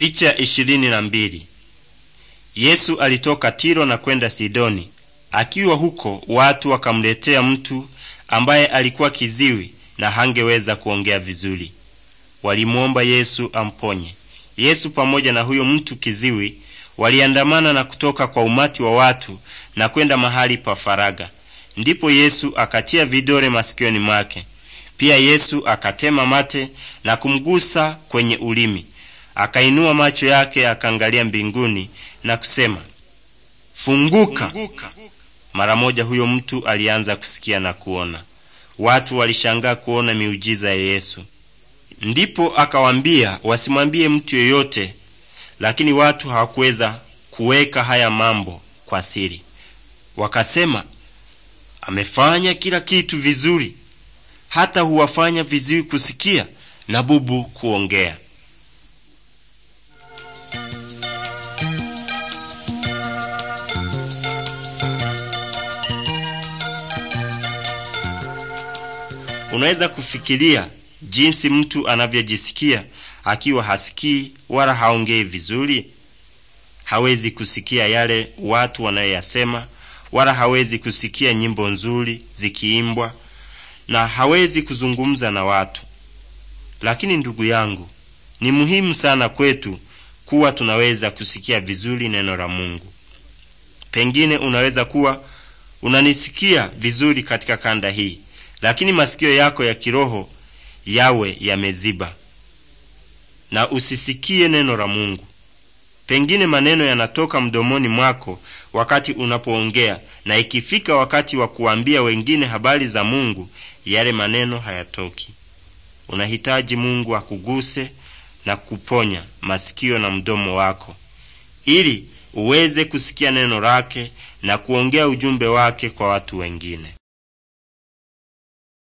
Picha ishirini na mbili. Yesu alitoka Tiro na kwenda Sidoni. Akiwa huko watu wakamletea mtu ambaye alikuwa kiziwi na hangeweza kuongea vizuri. walimuomba Yesu amponye. Yesu pamoja na huyo mtu kiziwi waliandamana na kutoka kwa umati wa watu na kwenda mahali pa faraga. Ndipo Yesu akatia vidole masikioni mwake. Pia Yesu akatema mate na kumgusa kwenye ulimi akainua macho yake akaangalia mbinguni na kusema, funguka. Mara moja huyo mtu alianza kusikia na kuona. Watu walishangaa kuona miujiza ya Yesu. Ndipo akawambia wasimwambie mtu yoyote lakini watu hawakuweza kuweka haya mambo kwa siri. Wakasema, amefanya kila kitu vizuri, hata huwafanya vizuri kusikia na bubu kuongea. Unaweza kufikiria jinsi mtu anavyojisikia akiwa hasikii wala haongei vizuri. Hawezi kusikia yale watu wanayoyasema, wala hawezi kusikia nyimbo nzuri zikiimbwa, na hawezi kuzungumza na watu. Lakini ndugu yangu, ni muhimu sana kwetu kuwa tunaweza kusikia vizuri neno la Mungu. Pengine unaweza kuwa unanisikia vizuri katika kanda hii, lakini masikio yako ya kiroho yawe yameziba, na usisikie neno la Mungu. Pengine maneno yanatoka mdomoni mwako wakati unapoongea, na ikifika wakati wa kuambia wengine habari za Mungu, yale maneno hayatoki. Unahitaji Mungu akuguse na kuponya masikio na mdomo wako ili uweze kusikia neno lake na kuongea ujumbe wake kwa watu wengine.